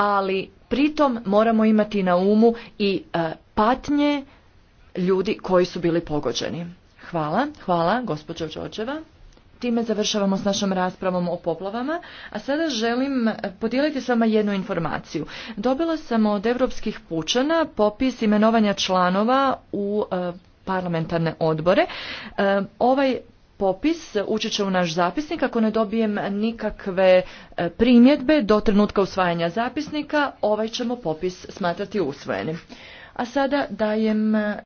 ali pritom moramo imati na umu i e, patnje ljudi koji su bili pogođeni. Hvala, hvala gospođo Đođeva. Time završavamo s našom raspravom o poplavama, a sada želim e, podijeliti s vama jednu informaciju. Dobila sam od europskih pučana popis imenovanja članova u e, parlamentarne odbore. Ovaj popis ući će u naš zapisnik. Ako ne dobijem nikakve e, primjedbe do trenutka usvajanja zapisnika, ovaj ćemo popis smatrati usvojenim. A sada dajem